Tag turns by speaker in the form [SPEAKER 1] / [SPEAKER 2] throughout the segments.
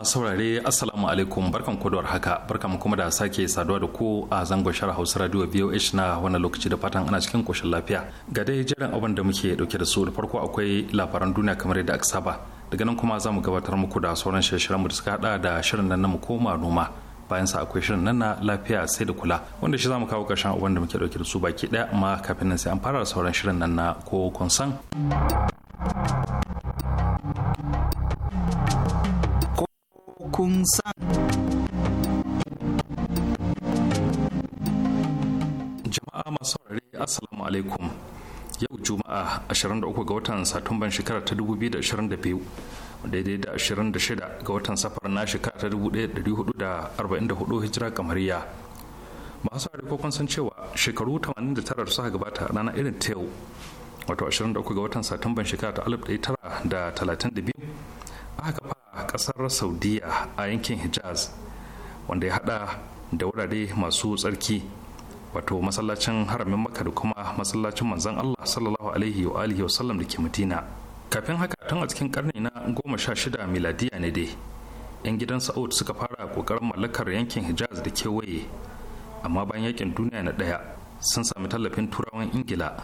[SPEAKER 1] masu saurare assalamu alaikum barkan ku haka barkan kuma da sake saduwa da ku a zangon shara hausa radio voh na wani lokaci da fatan ana cikin koshin lafiya ga dai jiran abin da muke dauke da su da farko akwai labaran duniya kamar yadda aka saba daga nan kuma za mu gabatar muku da sauran shirye-shiryen da suka hada da shirin nan na mu koma noma bayan sa akwai shirin nan na lafiya sai da kula wanda shi zamu kawo karshen abin da muke dauke da su baki daya amma kafin nan sai an fara sauran shirin nan na ko kun san Aung San. Jama'a masu saurare Assalamu alaikum. Yau Juma'a 23 ga watan Satumban shekara ta 2022 daidai da 26 ga watan safar na shekara ta 1444 hijira kamariya. Masu saurare ko kun san cewa shekaru 89 da suka gabata rana irin ta yau wato 23 ga watan Satumban shekara ta 1932 aka kafa a kasar saudiya a yankin hijaz wanda ya hada da wurare masu tsarki wato masallacin haramin maka da kuma masallacin manzon allah sallallahu alaihi wa alihi wasallam da ke mutina kafin haka tun a cikin karni na goma sha shida miladiya ne dai yan gidan sa'ud suka fara kokarin mallakar yankin hijaz da kewaye amma bayan yakin duniya na ɗaya sun sami tallafin turawan ingila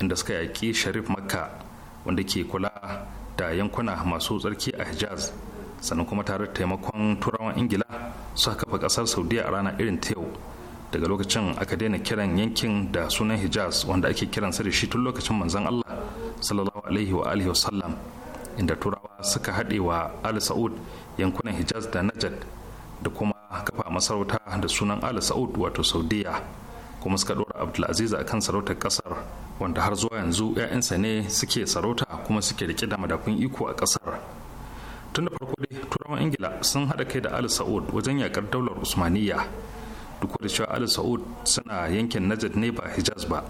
[SPEAKER 1] inda suka yaƙi sharif makka wanda ke kula da yankuna masu tsarki a hijaz sannan kuma tare da taimakon turawan ingila suka kafa kasar saudiya a rana irin ta yau daga lokacin aka daina kiran yankin da sunan hijaz wanda ake kiran sa da shi tun lokacin manzon allah sallallahu alaihi wa alihi wasallam inda turawa suka haɗe wa al sa'ud yankunan hijaz da najad da kuma kafa masarauta da sunan al sa'ud wato saudiya kuma suka ɗora abdulaziz a kan sarautar ƙasar wanda har zuwa yanzu 'ya'yansa ne suke sarauta kuma suke rike da madafun iko a ƙasar tun da farko dai turawan ingila sun haɗa kai da ali sa'ud wajen yakar daular usmaniya duk da cewa ali sa'ud suna yankin najad ne ba hijaz ba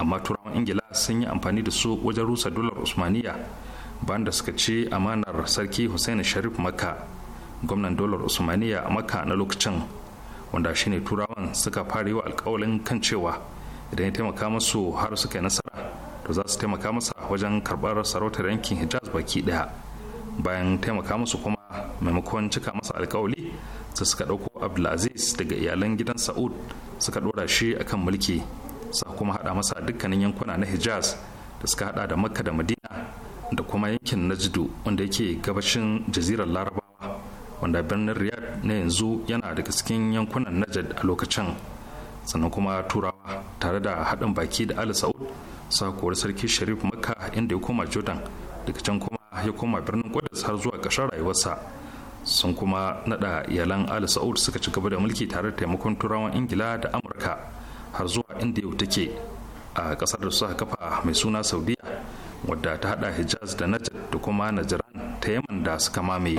[SPEAKER 1] amma turawan ingila sun yi amfani da su wajen rusa daular usmaniya bayan da suka ce amanar sarki hussein sharif makka gwamnan daular usmaniya a makka na lokacin wanda shine turawan suka fara yi wa alkawalin kan cewa idan ya taimaka musu har suka yi nasara to za su taimaka masa wajen karɓar sarautar yankin hijaz baki ɗaya bayan taimaka musu kuma maimakon cika masa alkawali su suka ɗauko abdulaziz daga iyalan gidan sa'ud suka ɗora shi akan mulki sa kuma haɗa masa dukkanin yankuna na hijaz da suka haɗa da makka da madina da kuma yankin najdu wanda yake gabashin jazirar laraba wanda birnin riyad na yanzu yana daga cikin yankunan najad a lokacin sannan kuma turawa tare da haɗin baki da ali sa'ud sakuwar sarki sharif makka inda ya koma jordan daga can kuma ya koma birnin kudus har zuwa ƙarshen rayuwarsa sun kuma nada iyalan ali sa'ud suka ci gaba da mulki tare da taimakon turawan ingila da amurka har zuwa inda yau take a ƙasar da suka kafa mai suna saudiya wadda ta hada hijaz da najad da kuma najran ta yaman da suka mamaye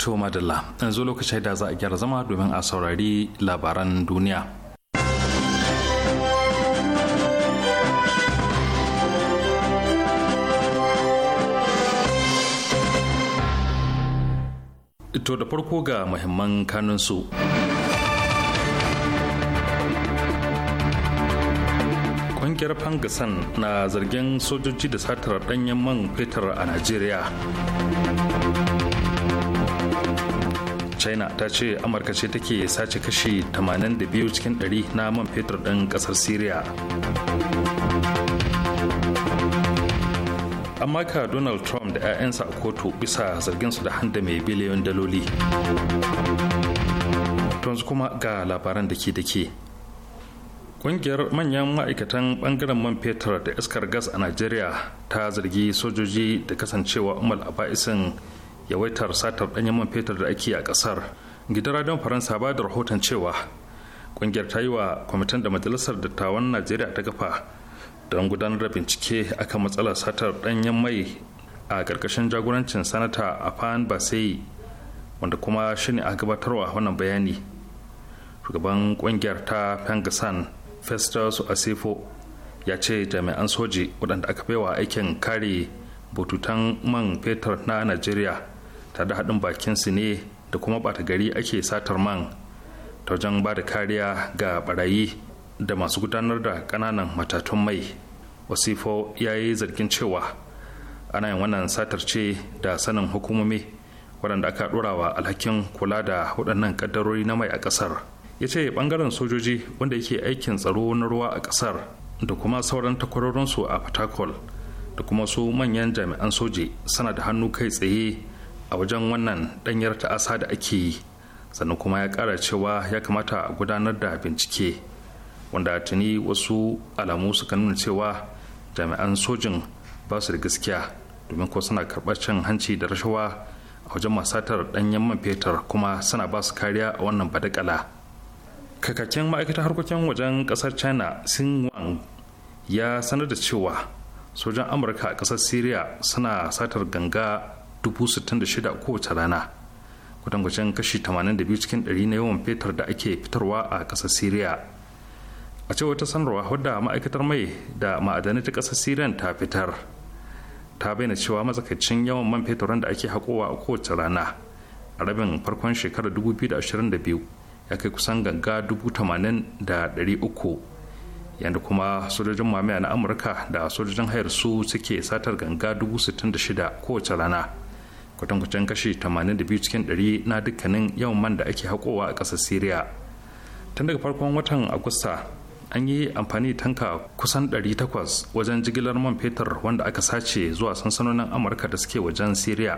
[SPEAKER 1] to madalla yanzu lokacin da za a gyara zama domin a saurari labaran duniya to da farko ga muhimman kanunsu kungiyar fangasan na zargin sojoji da satar danyen man fetur a najeriya china ta ce amurka ce take sace kashi 82 cikin 100 na man fetur ɗin ƙasar syria an maka donald trump da 'ya'yansa a kotu bisa zarginsu da handa mai biliyon daloli yanzu kuma ga labaran da ke da ke Ƙungiyar manyan ma'aikatan bangaren man fetur da iskar gas a Najeriya ta zargi sojoji da kasancewa umar a ba'isin yawaitar satar ɗanyen man fetur da ake a ƙasar gidan radon faransa ba da rahoton cewa ƙungiyar ta yi wa kwamitin da majalisar dattawan najeriya ta kafa don gudanar da bincike akan matsalar satar ɗanyen mai a ƙarƙashin jagorancin sanata afan basai wanda kuma shi ne a gabatarwa wannan bayani shugaban ƙungiyar ta fengasan festus asifo ya ce jami'an soji waɗanda aka baiwa aikin kare bututan man fetur na najeriya ta da haɗin bakin su ne da kuma ɓata gari ake satar man ta wajen ba da kariya ga barayi da masu gudanar da ƙananan matatun mai wasifo ya yi zargin cewa ana yin wannan satar ce da sanin hukumomi waɗanda aka ɗora wa alhakin kula da waɗannan ƙaddarori na mai a ƙasar ya ce ɓangaren sojoji wanda yake aikin tsaro na ruwa a ƙasar da kuma sauran takwarorinsu a fatakol da kuma su manyan jami'an soji sana da hannu kai tsaye a wajen wannan ɗanyar ta'asa da ake yi sannan kuma ya kara cewa ya kamata a gudanar da bincike wanda tuni wasu alamu suka nuna cewa jami'an sojin ba su da gaskiya domin ko suna karɓar cin hanci da rashawa a wajen masatar ɗanyen man fetur kuma suna ba su kariya a wannan badakala kakakken ma'aikatar harkokin wajen ƙasar china sin wang ya sanar da cewa sojan amurka a ƙasar syria suna satar ganga 66,000 kowace rana kwatankwacin kashi 82 cikin 100 na yawan fetur da ake fitarwa a ƙasar syria a cewar ta sanarwa wadda ma'aikatar mai da ma'adanai ta ƙasar syrian ta fitar ta bayyana cewa matsakaicin yawan man fetur da ake haƙowa a kowace rana a rabin farkon shekarar 2022 ya kai kusan ganga 80,300 yadda kuma sojojin mamaya na amurka da sojojin hayar su suke satar ganga 66,000 kowace rana kwatankwacin kashi 82 cikin 100 na dukkanin yawan man da ake haƙowa a ƙasar syria tun daga farkon watan agusta an yi amfani tanka kusan 800 wajen jigilar man fetur wanda aka sace zuwa sansanonin amurka da suke wajen syria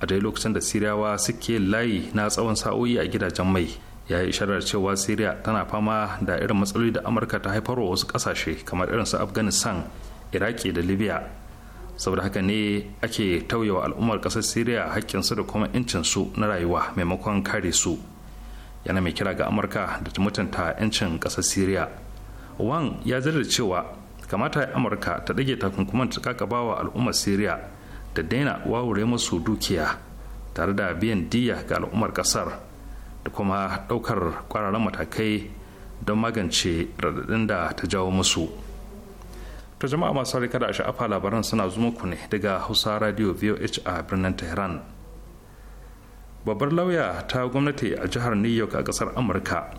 [SPEAKER 1] a dai lokacin da siriyawa suke layi na tsawon sa'o'i a gidajen mai ya yi isharar cewa siriya tana fama da irin matsaloli da amurka ta haifarwa wasu kasashe kamar irin su afghanistan iraki da libya saboda haka ne ake tauyewa al'ummar ƙasar syria haƙƙinsu da kuma su na rayuwa maimakon kare su yana mai kira ga amurka da ta mutunta 'yancin ƙasar syria wang ya zarda cewa kamata amurka ta ɗage takunkuman ta kakaba wa al'ummar syria da daina wawure musu dukiya tare da biyan diya ga al'ummar ƙasar da kuma ɗaukar ƙwararren matakai don magance raɗaɗin da ta jawo musu. ta jama'a masu harika da sha'afa labaran suna zuma kune daga hausa radio voh a birnin tehran babbar lauya ta gwamnati a jihar new york a kasar amurka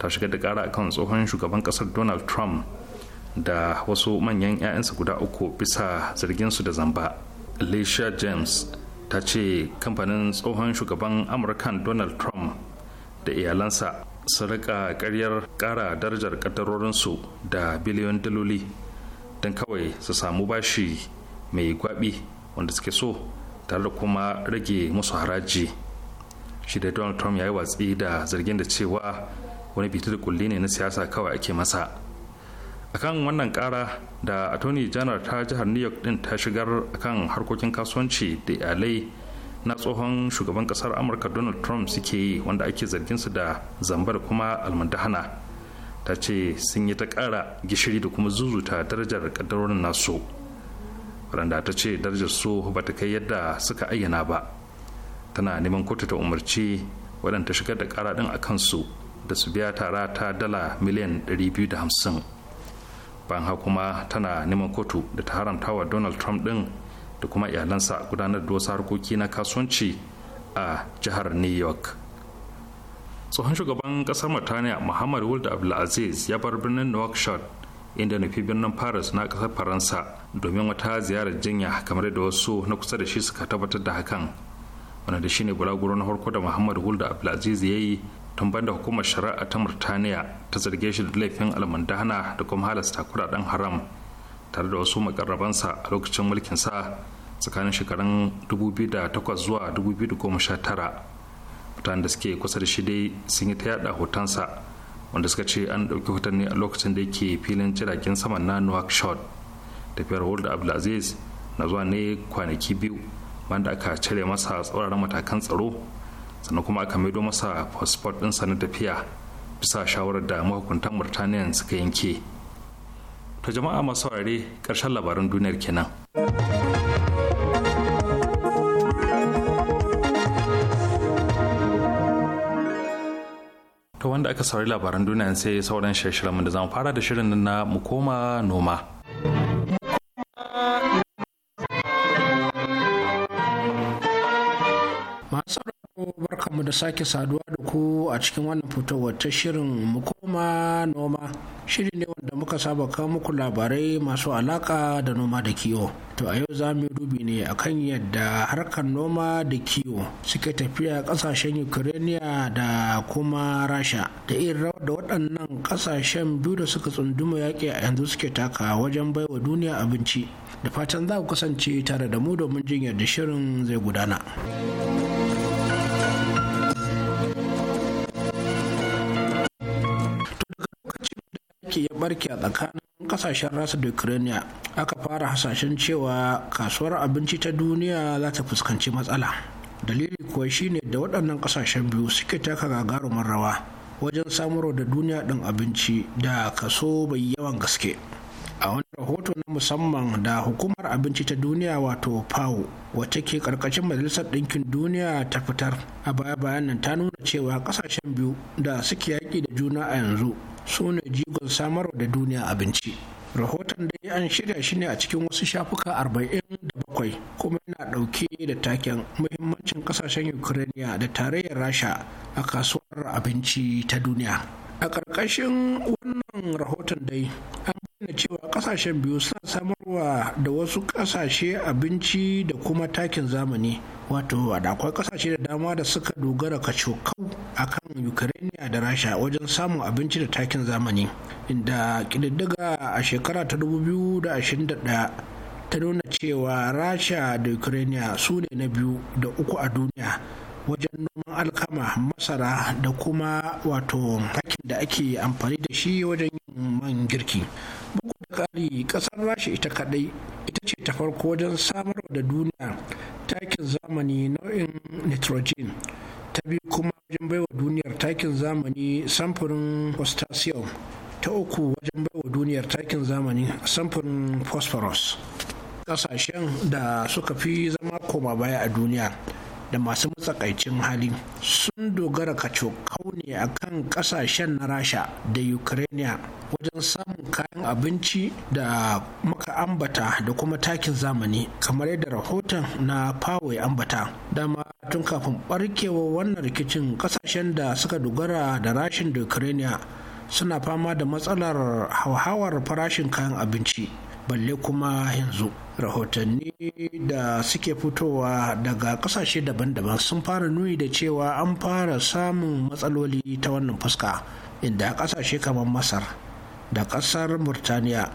[SPEAKER 1] ta shiga da kara akan tsohon shugaban kasar donald trump da wasu manyan 'ya'yansa guda uku bisa zarginsu da zamba alicia james ta ce kamfanin tsohon shugaban amurkan donald trump da iyalansa su rika karyar kara darajar kaddarorinsu da biliyon daloli don kawai su samu bashi mai gwabi wanda suke so tare da kuma rage musu haraji shi da donald trump ya yi watsi da zargin da cewa wani bita da kulli ne na siyasa kawai ake masa akan wannan kara da attorney general ta jihar new york din ta shigar akan harkokin kasuwanci da iyalai na tsohon shugaban kasar amurka donald trump suke yi wanda ake zargin su da zamba da kuma almandahana ta ce sun yi ta kara gishiri da kuma zuzuta darajar kaddarorin nasu waɗanda ta ce darajar su ba ta kai yadda suka ayyana ba tana neman kotu ta umarci waɗanda shigar da kara ɗin a kansu da su biya tara ta dala miliyan 250 ban kuma tana neman kotu da ta haramta wa donald trump ɗin da kuma iyalansa gudanar da wasu harkoki na kasuwanci a jihar new york tsohon shugaban ƙasar Mauritania Muhammad wulda Abdulaziz ya bar birnin Nouakchott inda nufi birnin Paris na kasar Faransa domin wata ziyarar jinya kamar da wasu na kusa da shi suka tabbatar da hakan. Wanda da shine bulaguro na farko da Muhammad wulda Abdulaziz ya yi tun da hukumar shari'a ta murtaniya ta zarge shi da laifin almundana da kuma halasta kudaden haram tare da wasu makarrabansa a lokacin mulkin sa tsakanin shekarun 2008 zuwa 2019. mutanen da suke kusa da shi dai sun yi ta yada hotonsa wanda suka ce an ɗauki hoton ne a lokacin da yake filin jiragen saman na shot tafiyar World Abdulaziz na zuwa ne kwanaki biyu wanda aka cire masa tsauraran matakan tsaro sannan kuma aka maido masa fasfot ɗinsa na tafiya bisa shawarar da mahukuntan Murtaniyan suka yanke. ta jama'a masu ware ƙarshen labaran duniyar kenan. to wanda aka saurari labaran duniya sai sauran shirin da zamu fara da shirin na mu koma
[SPEAKER 2] noma masu barkanmu da sake saduwa da ku a cikin wannan fitowar ta shirin mu kuma noma shiri ne wanda muka saba kawo muku labarai masu alaka da noma da kiwo to a yau za mu dubi ne akan yadda harkar noma da kiwo suke tafiya kasashen ukraine da kuma rasha da irin rawar da waɗannan kasashen biyu da suka tsunduma yaƙi a yanzu suke taka wajen baiwa duniya abinci da fatan za ku kasance tare da mu domin jin yadda shirin zai gudana. barki a tsakanin kasashen rasa da ukraine aka fara hasashen cewa kasuwar abinci ta duniya za ta fuskanci matsala dalili kuwa shine da waɗannan kasashen biyu suke taka gagarumin rawa wajen samarwa da duniya ɗin abinci da kaso bai yawan gaske a wani rahoto na musamman da hukumar abinci ta duniya wato fao wacce ke karkashin majalisar ɗinkin duniya ta fitar a baya bayan nan ta nuna cewa ƙasashen biyu da suke yaƙi da juna a yanzu su ne jigon samarwa da duniya abinci rahoton da an shirya shi ne a cikin wasu shafuka 47 kuma yana ɗauke da taken muhimmancin kasashen ukraine da tarayyar rasha a kasuwar abinci ta duniya a ƙarƙashin wannan rahoton dai an cewa kasashen biyu suna samarwa da wasu kasashe abinci da kuma takin zamani wato da akwai kasashe da dama da suka dogara kacokau a kan ukraine da rasha wajen samun abinci da takin zamani inda kididdiga a shekara ta 2021 ta nuna cewa rasha da ukraine su ne na biyu da uku a duniya wajen noman alkama masara da kuma wato takin da ake amfani da shi wajen yin man girki bugu da ƙari ƙasar rasha ita kaɗai ita ce ta farko wajen samarwa da duniya takin zamani nau'in nitrogen ta biyu kuma wajen baiwa duniyar takin zamani samfurin potassium ta uku wajen baiwa duniyar takin zamani samfurin phosphorus ƙasashen da suka fi zama koma baya a duniya da masu matsakaicin hali sun dogara cokau ne a kan kasashen na rasha da ukraine wajen samun kayan abinci da muka ambata da kuma takin zamani kamar yadda rahoton na fawai ambata dama tun kafin barkewa wannan rikicin kasashen da suka dogara da rashin da ukraine suna fama da matsalar hauhawar farashin kayan abinci balle kuma yanzu rahotanni da suke fitowa daga kasashe daban-daban sun fara nuni da cewa an fara samun matsaloli ta wannan fuska inda kasashe kamar masar da kasar murtaniya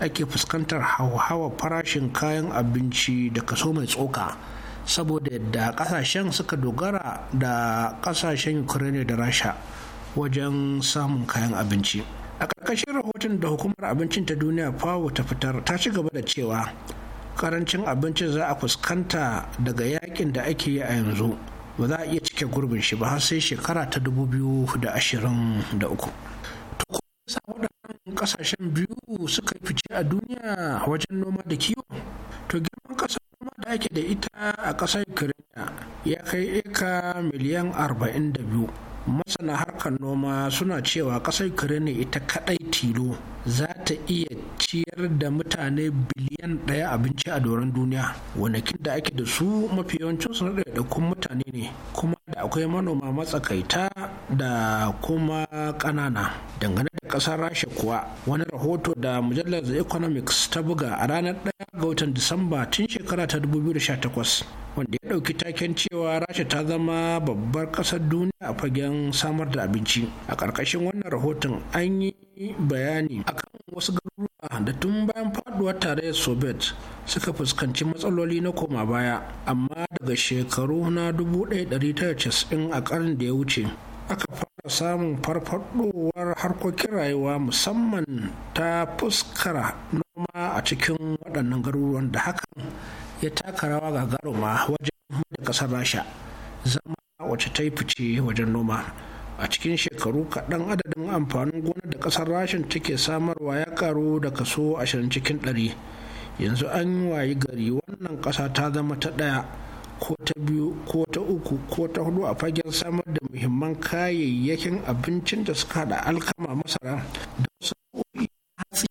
[SPEAKER 2] ake fuskantar hauhawa farashin kayan abinci da kaso mai tsoka saboda yadda kasashen suka dogara da kasashen ukraine da rasha wajen samun kayan abinci a ƙarƙashin rahoton da hukumar abincin ta duniya fawo ta fitar ta ci gaba da cewa karancin abinci za a fuskanta daga yakin da ake yi a yanzu ba za a iya cike gurbin shi ba har sai shekara ta dubu biyu da da ashirin 2023 sa waɗannan ƙasashen biyu suka yi fice a duniya wajen noma da kiwo to girman ƙasar noma da ake da ita a ƙasar ukraine ya kai eka miliyan arba'in da biyu. masana harkar noma suna cewa ƙasar ukraine ita kadai tilo za ta iya ciyar da mutane biliyan ɗaya abinci a doron duniya wanakin da ake da su mafi yawancin na ɗaiɗaikun mutane ne kuma akwai manoma matsakaita da kuma ƙanana dangane da ƙasar rasha kuwa wani rahoto da mujallar the economics ta buga a ranar 1 ga watan disamba tun shekara ta 2018 wanda ya ɗauki taken cewa rasha ta zama babbar ƙasar duniya a fagen samar da abinci a ƙarƙashin wannan rahoton an yi bayani akan wasu da tun bayan faduwar tarayyar soviet suka fuskanci matsaloli na koma baya amma daga shekaru na 1990 a ƙarin da ya wuce aka fara samun farfadowar harkokin rayuwa musamman ta fuskar noma a cikin waɗannan garuruwan da hakan ya taka rawa ga gagaruma wajen da ƙasar rasha zama wace ta yi fice wajen noma a cikin shekaru kaɗan adadin amfanin gona da ƙasar rashin take samarwa ya karu da kaso ashirin cikin ɗari yanzu an yi wayi gari wannan ƙasa ta zama ta ɗaya ko ta biyu ko ta uku ko ta hudu a fagen samar da muhimman kayayyakin abincin da suka haɗa alkama masara da wasu hatsi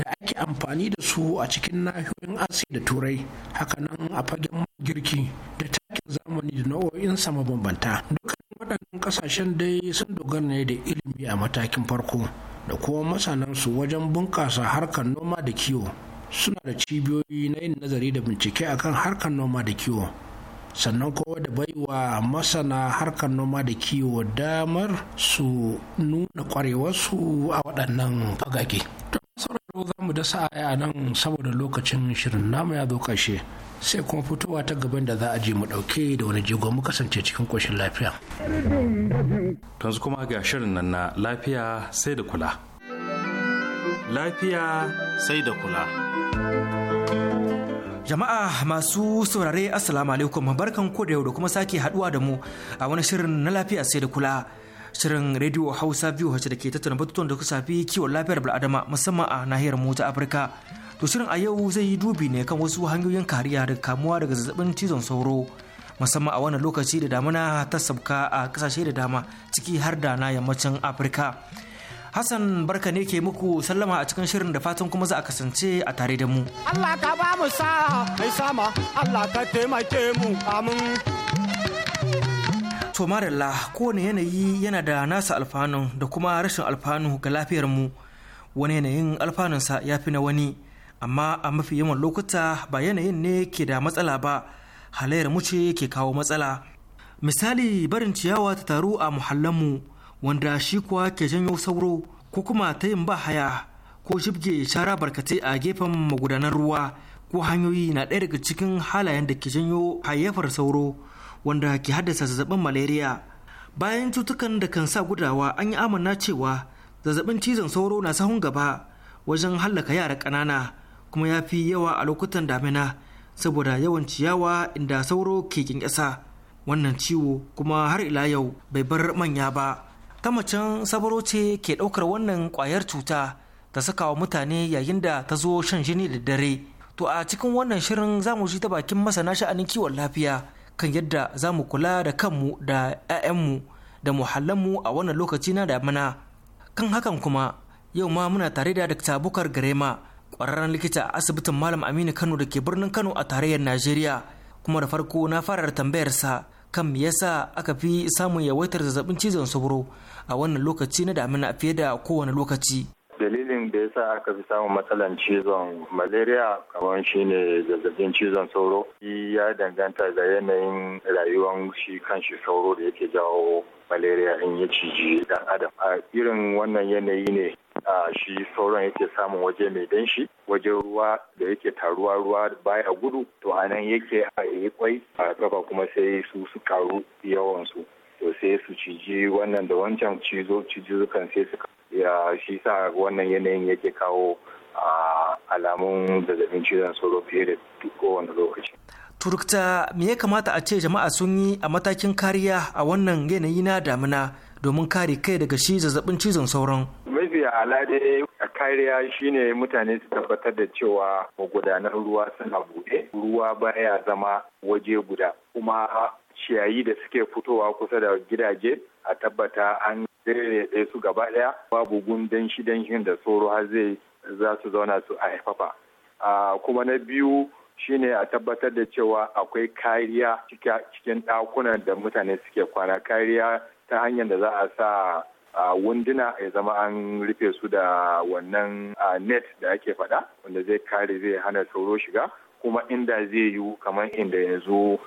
[SPEAKER 2] da ake amfani da su a cikin nahiyoyin Asi da turai hakanan a fagen girki da takin zamani da nau'o'insa mabambanta duka kasashen dai sun dogara ne da ilimi a matakin farko da kuma masanansu wajen bunƙasa harkar noma da kiwo suna da cibiyoyi na yin nazari da bincike akan harkar noma da kiwo sannan kowa da baiwa masana harkar noma da kiwo damar su nuna kwarewarsu a waɗannan fagage. sauraro za mu da sa'a a nan saboda lokacin shirin namu ya zo ƙarshe. sai kuma fitowa ta gaban da za a je mu dauke da wani jigo mu kasance cikin koshin lafiya. Tanzu
[SPEAKER 1] kuma ga shirin nan na lafiya sai da kula. Lafiya
[SPEAKER 2] sai da kula.
[SPEAKER 3] Jama'a masu saurare Assalamu alaikum barkan ko da yau da kuma sake haduwa da mu a wani shirin na lafiya sai da kula. shirin rediyo hausa biyu hace da ke tattauna batutuwan da suka shafi kiwon lafiyar bil'adama musamman a nahiyar mu ta afirka to shirin a yau zai yi dubi ne kan wasu hanyoyin kariya daga kamuwa daga zazzabin cizon sauro musamman a wannan lokaci da damuna ta sabka a kasashe da dama ciki har da na yammacin afirka hassan barka ne ke muku sallama a cikin shirin da fatan kuma za a kasance a tare da mu
[SPEAKER 4] allah ka ba mu sa mai sama allah ka taimake
[SPEAKER 5] mu amin
[SPEAKER 3] to marilla kowane yanayi yana da nasa alfanu da kuma rashin alfanu ga lafiyar mu wani yanayin alfanunsa ya fi na wani amma a mafi yawan lokuta ba yanayin ne ke da matsala ba halayyar mu ce ke kawo matsala misali barin ciyawa ta taru a muhallanmu wanda shi kuwa ke janyo sauro ko kuma ta yin ba haya ko shibge shara barkatai a gefen magudanar ruwa ko hanyoyi na ɗaya daga cikin halayen da ke janyo hayyafar sauro wanda ke haddasa zazzabin malaria bayan cutukan da kan sa gudawa an yi amana cewa zazzabin cizon sauro na sahun gaba wajen hallaka yara ƙanana kuma ya fi yawa a lokutan damina saboda yawan ciyawa inda sauro ke ƙasa wannan ciwo kuma har ila yau bai bar manya ba ta macen sabaro ce ke ɗaukar wannan kwayar cuta ta saka wa mutane yayin da ta zo shan jini da dare to a cikin wannan shirin za mu ji ta bakin masana sha'anin kiwon lafiya kan yadda za mu kula da kanmu da 'ya'yanmu da muhallanmu a wannan lokaci na damina kan hakan kuma yau ma muna tare da dakta bukar garema kwararren likita a asibitin malam aminu kano da ke birnin kano a tarayyar najeriya kuma da farko na fara tambayarsa kan me yasa aka fi samun yawaitar zazzabin cizon sauro a wannan lokaci na damina fiye da kowane lokaci
[SPEAKER 4] dalilin da yasa aka fi samun matsalan cizon malaria kamar shine zazzabin cizon sauro ya danganta da yanayin rayuwar shi kan shi sauro da yake jawo malaria in ya ciji dan adam a irin wannan yanayi ne shi sauran yake samun waje mai danshi wajen ruwa da yake taruwa ruwa baya gudu to a nan yake a yi kwai a gaba kuma sai su su karu yawansu to sai su ciji wannan da wancan cizo cijizukan sai su ya shi sa wannan yanayin yake kawo alamun zazzabin cizon sauro fiye da kowane lokaci.
[SPEAKER 3] turukta me ya kamata a ce jama'a sun yi a matakin kariya a wannan yanayi na damina domin kare kai daga shi zazzabin cizon sauron.
[SPEAKER 4] ala dai kariya shine mutane su tabbatar da cewa magudanar ruwa suna buɗe ruwa baya zama waje guda kuma ciyayi da suke fitowa kusa da gidaje a tabbata an ɗaya su gaba ɗaya babu gundan shi danshin da tsoro har zai za su zauna su a haifafa kuma na biyu shine a tabbatar da cewa akwai kariya cikin ɗakunan da mutane suke kwana kariya ta hanyar da za a sa a wunduna ya zama an rufe su da wannan net da ake faɗa wanda zai kare zai hana sauro shiga kuma inda zai yiwu kamar inda yanzu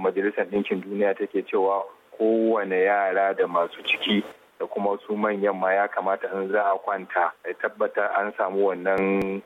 [SPEAKER 4] majalisar ɗinkin duniya take cewa kowane yara da masu ciki da kuma su manyan ma ya kamata in za a kwanta a tabbata an samu wannan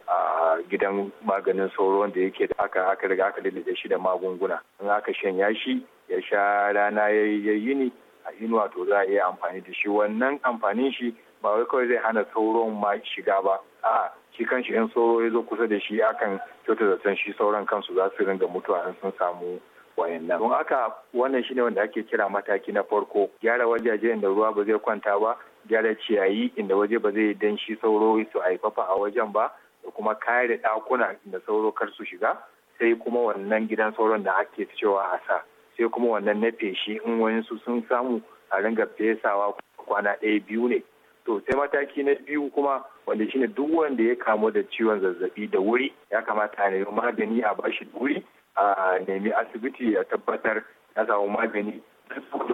[SPEAKER 4] gidan maganin sauro wanda yake da aka aka riga aka lalace shi da magunguna in aka shanya shi ya sha rana ya yi ni a inuwa to za a iya amfani da shi wannan amfanin shi ba wai kawai zai hana sauron ma shiga ba a shi shi in sauro ya zo kusa da shi akan kyauta zaton shi sauran kansu za su ringa mutuwa in sun samu wayannan don aka wannan shine wanda ake kira mataki na farko gyara wajaje inda ruwa ba zai kwanta ba gyara ciyayi inda waje ba zai danshi sauro su haifafa a wajen ba da kuma kare ɗakuna inda sauro kar su shiga sai kuma wannan gidan sauron da ake cewa a sa sai kuma wannan na feshi in wani su sun samu a ringa fesawa kwana ɗaya biyu ne to sai mataki na biyu kuma wanda shine duk wanda ya kamu da ciwon zazzabi da wuri ya kamata a nemi magani a bashi da wuri a nemi asibiti a tabbatar ya samu magani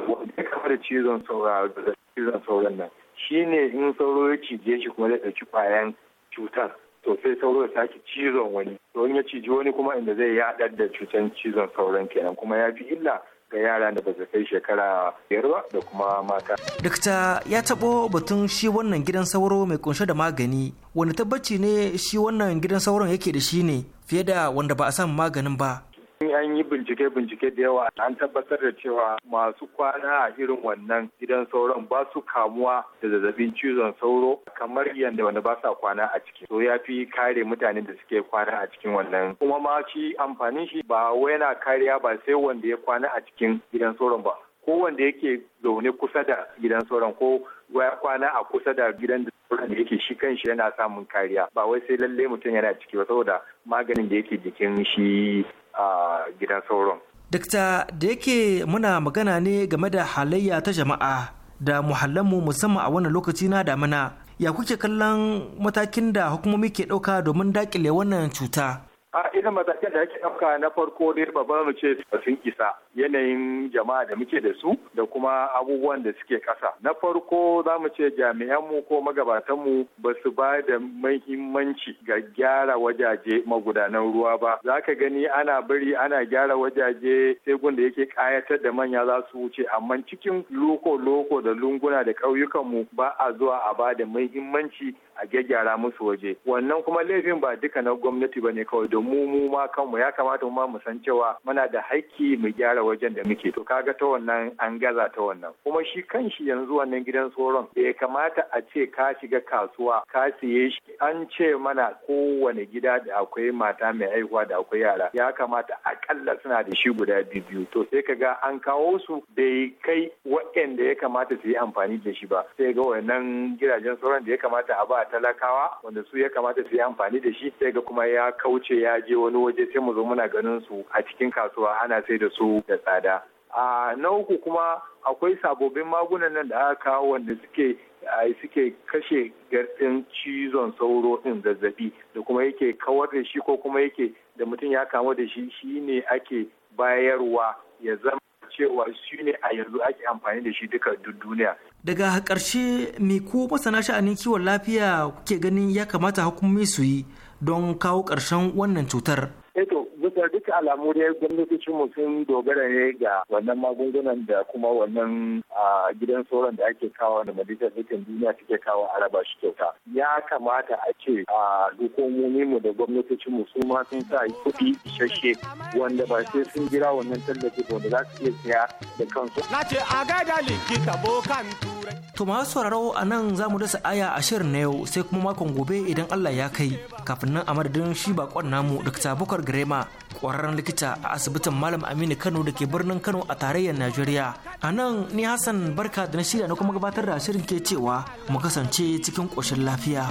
[SPEAKER 4] wanda ya kamu da cizon sauran nan shine in sauro ya cije shi kuma zai ɗauki kwayan cutar to sai sauro ya sake cizon wani to ya ciji wani kuma inda zai yaɗar da cutar cizon sauran kenan kuma ya fi illa ga yara da ba su kai shekara biyar ba da kuma mata.
[SPEAKER 3] dakta ya taɓo batun shi wannan gidan sauro mai kunshe da magani wani tabbaci ne shi wannan gidan sauron yake da shi ne fiye da wanda ba a san maganin ba.
[SPEAKER 4] An yi bincike-bincike da yawa an tabbatar da cewa masu kwana a irin wannan gidan sauron ba su kamuwa da zazzabin cizon sauro kamar yadda wanda ba sa kwana a ciki. So ya fi kare mutanen da suke kwana a cikin wannan. Kuma ma shi amfanin shi ba wai yana kariya ba sai wanda ya kwana a cikin gidan sauron ba. Ko wanda yake zaune kusa da gidan sauron ko ya kwana a kusa da gidan da da yake shi kanshi yana samun kariya ba wai sai lalle mutum yana ciki ba saboda maganin da yake jikin shi a gidan sauron.
[SPEAKER 3] Dakta da yake muna magana ne game da halayya ta jama'a da muhallanmu musamman a wannan lokaci na damina ya kuke kallon matakin da hukumomi ke ɗauka domin daƙile wannan cuta.
[SPEAKER 4] a irin matakan da ake ɗauka na farko ne babban mu ce sun isa yanayin jama'a da muke da su da kuma abubuwan da suke ƙasa na farko za mu ce jami'anmu ko magabatanmu ba su ba da mahimmanci ga gyara wajaje magudanan ruwa ba za ka gani ana bari ana gyara wajaje sai gunda yake ƙayatar da manya za su wuce amma cikin loko-loko da lunguna da ƙauyukanmu ba a zuwa a ba da mahimmanci a gyaggyara musu waje wannan kuma laifin ba duka na gwamnati ba ne kawai da mu mu ma kanmu ya kamata mu ma mu san cewa muna da haƙƙi mu gyara wajen da muke to kaga ta wannan an gaza ta wannan kuma shi kan shi yanzu wannan gidan tsoron ya kamata a ce ka shiga kasuwa ka siye shi an ce mana kowane gida da akwai mata mai haihuwa da akwai yara ya kamata akalla suna da shi guda biyu to sai ka ga an kawo su bai kai waɗanda ya kamata su yi amfani da shi ba sai ga wannan gidajen tsoron da ya kamata a ba talakawa wanda su ya kamata su yi amfani da shi sai ga kuma ya kauce ya ya je wani waje sai mu zo muna ganin su a cikin kasuwa ana sai da su da tsada a na uku kuma akwai sabobin magunan nan da aka kawo wanda suke suke kashe garɗin cizon sauro ɗin zazzabi da kuma yake kawar da shi ko kuma yake da mutum ya kamu da shi shi ne ake bayarwa ya zama cewa shi ne a yanzu ake amfani da shi duka duniya.
[SPEAKER 3] Daga ƙarshe me ko masana sha'anin kiwon lafiya kuke ganin ya kamata hukumomi su yi don kawo ƙarshen wannan cutar.
[SPEAKER 2] Eto, eh bisa duk alamu dai gwamnatocin mu sun
[SPEAKER 4] dogara ne ga wannan magungunan da kuma wannan gidan sauran da ake kawo da majalisar dukkan duniya take kawo a raba shi kyauta. Ya kamata a ce a hukumomi mu da gwamnatocin mu su ma sun sa kuɗi isasshe wanda ba sai sun jira wannan tallafi ba wanda za su iya siya da kansu. Na ce a gaida likita bokan tu.
[SPEAKER 3] To masu sauraro a nan za mu dasa aya ashirin na yau sai kuma makon gobe idan Allah ya kai kafin nan a madadin shi bakon namu Dr. Bukar Grema ƙwararren likita a asibitin Malam Aminu Kano da ke birnin Kano a tarayyar Najeriya. A nan ni Hassan Barka da na shirya na kuma gabatar da shirin ke cewa mu kasance cikin ƙoshin lafiya.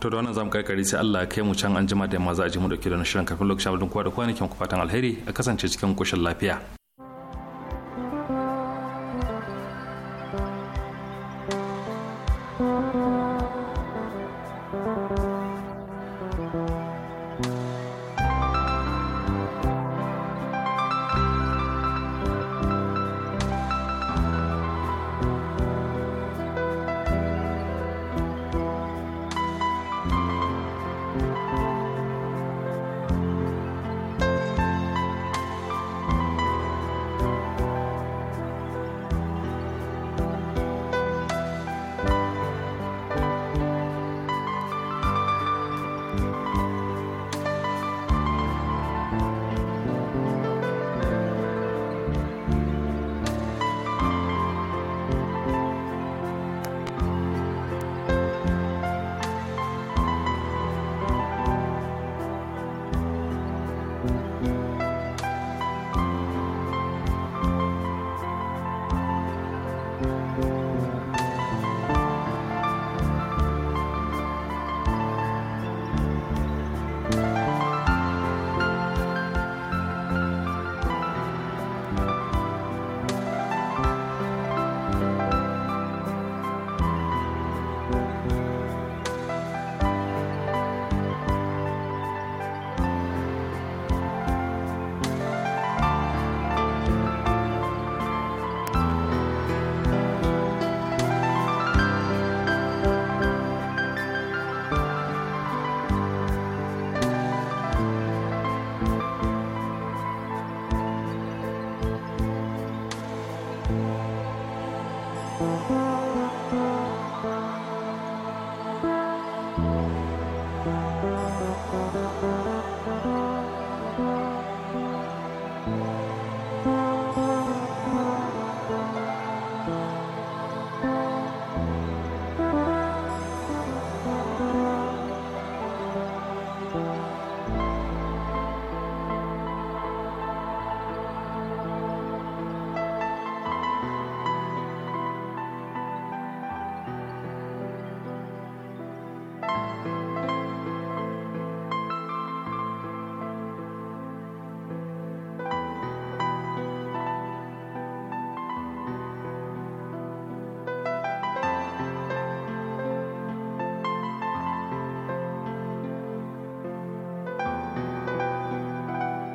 [SPEAKER 1] To da wannan zamu kai kari sai Allah kai mu can anjima da yamma za a ji mu dauke da shirin kafin lokacin abin kowa da kwanakin ku fatan alheri a kasance cikin ƙoshin lafiya.
[SPEAKER 5] Thank you.